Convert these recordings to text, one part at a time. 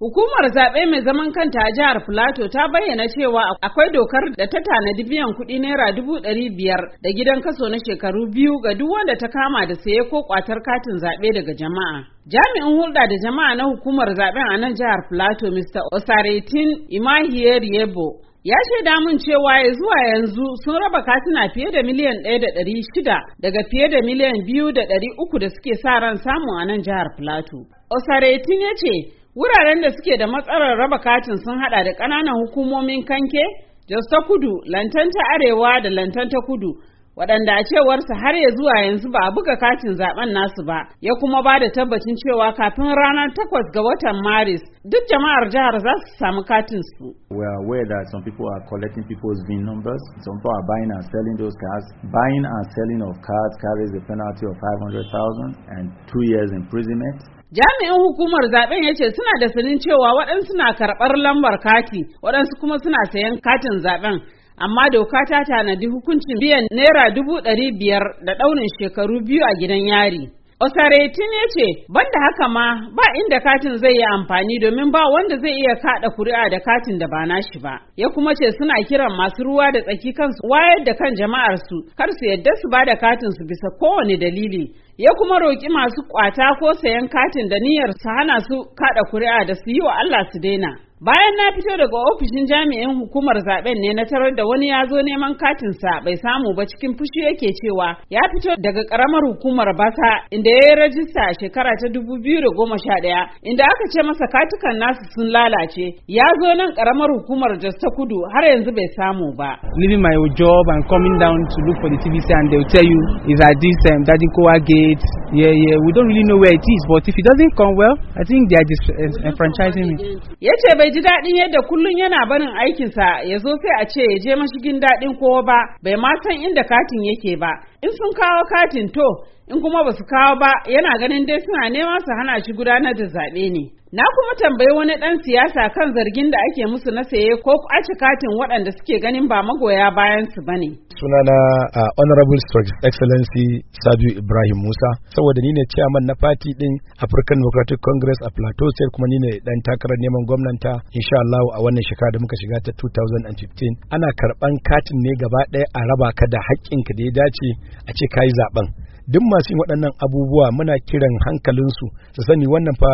Hukumar zaɓe mai zaman kanta a jihar Filato ta bayyana cewa akwai dokar da ta tanadi biyan kuɗi naira dubu ɗari biyar da gidan kaso na shekaru biyu ga duk wanda ta kama da saye ko ƙwatar katin zaɓe daga jama'a. Jami'in hulɗa da jama'a na hukumar zaɓen a nan jihar Filato Mr. Osaretin Imahiyar Yebo ya shaida mun cewa ya zuwa yanzu sun raba katina fiye da miliyan ɗaya da ɗari shida daga fiye da miliyan biyu da ɗari uku da suke sa ran samu a nan jihar Filato. Osaretin ya ce Wuraren da suke da matsalar raba katin sun hada da ƙananan hukumomin kanke, Jos ta kudu, lantan ta arewa da lantan ta kudu, waɗanda a cewarsa har ya zuwa yanzu ba a buga katin zaben nasu ba ya kuma ba da tabbacin cewa kafin ranar takwas ga watan maris duk jama'ar jihar za su samu katin su. we are aware that some people are collecting people's vin numbers some people are buying and selling those cards buying and selling of cards carries a penalty of 500,000 and two years imprisonment Jami'in hukumar zaben ya ce suna da sanin cewa waɗansu na karɓar lambar kati, waɗansu kuma suna sayan katin zaben. Amma doka ta tanadi hukuncin biyan naira dubu ɗari biyar da ɗaunin shekaru biyu a gidan yari. Osaretin ya ce, banda haka ma ba inda katin zai yi amfani domin ba wanda zai iya kaɗa kuri'a da katin da ba nashi ba. Ya kuma ce suna kiran masu ruwa da tsaki kansu wayar da kan jama'arsu kar su yadda su ba da katin su bisa kowane dalili. ya kuma roƙi masu ƙwata ko sayan katin da niyyar su hana su kaɗa kuri'a da su yi wa Allah su daina. Bayan na fito daga ofishin jami'in hukumar zaben ne na tarar da wani ya zo neman katin sa bai samu ba cikin fushi yake cewa ya fito daga karamar hukumar bata inda ya yi rajista a shekara ta dubu biyu da goma sha 2011 inda aka ce masa katukan nasu sun lalace ya zo nan karamar hukumar Jos ta Kudu har yanzu bai samu ba. Leaving my job and coming down to look for the TVC and they tell you is that this um, Dadin Kowage It's. yeah, yeah, we don't really know where it is, but if it doesn't come well, I think they are just enfranchising me. Ya ce bai ji daɗin yadda kullum yana barin aikinsa ya zo sai a ce ya je mashigin daɗin kowa ba, bai ma san inda katin yake ba. In sun kawo katin to, in kuma ba su kawo ba, yana ganin dai suna neman su hana shi gudanar da zaɓe ne. Na kuma tambayi wani ɗan siyasa kan zargin da ake musu na saye ko aci katin waɗanda suke ganin ba magoya bayan su bane. Sunana uh, Honorable Excellency Sadu Ibrahim Musa. saboda ni ne chairman na party din African Democratic Congress a Plateau State kuma ni ne dan takarar neman gwamnata insha Allah a wannan shekara da muka shiga ta 2015 ana karban katin ne gaba ɗaya a raba ka da haƙƙin ka da ya dace a ce kayi zaben duk masu yin waɗannan abubuwa muna kiran hankalinsu su sani wannan fa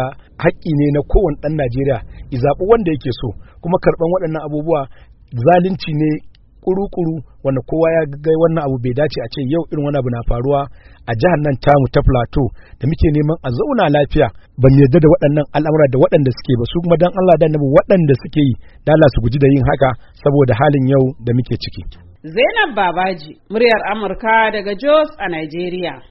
haƙƙi ne na kowane ɗan Najeriya i zaɓi wanda yake so kuma karɓan waɗannan abubuwa zalunci ne kuru-kuru wanda kowa ya ga wannan abu bai dace a ce yau irin wani abu na faruwa a jihar nan tamu ta plateau da muke neman a zauna lafiya ba mu yarda da waɗannan al'amura da waɗanda suke ba su kuma dan Allah da annabi waɗanda suke yi da Allah su guji da yin haka saboda halin yau da muke ciki Zainab Babaji muryar Amurka daga Jos a Nigeria